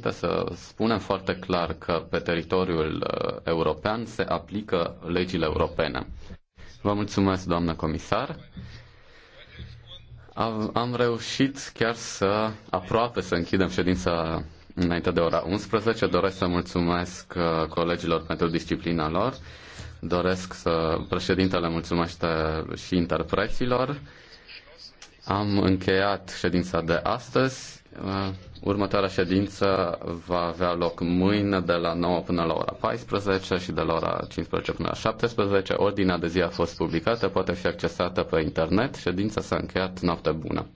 puncte să spunem foarte clar că pe teritoriul uh, european se aplică legile europene. Vă mulțumesc, doamnă comisar. Am reușit chiar să aproape să închidem ședința înainte de ora 11. Doresc să mulțumesc uh, colegilor pentru disciplina lor. Doresc să președintele mulțumește și interpreților. Am încheiat ședința de astăzi. Uh, următoarea ședință va avea loc mâine de la 9 până la ora 14 și de la ora 15 până la 17. Ordinea de zi a fost publicată, poate fi accesată pe internet. Ședința s-a încheiat. Noapte bună!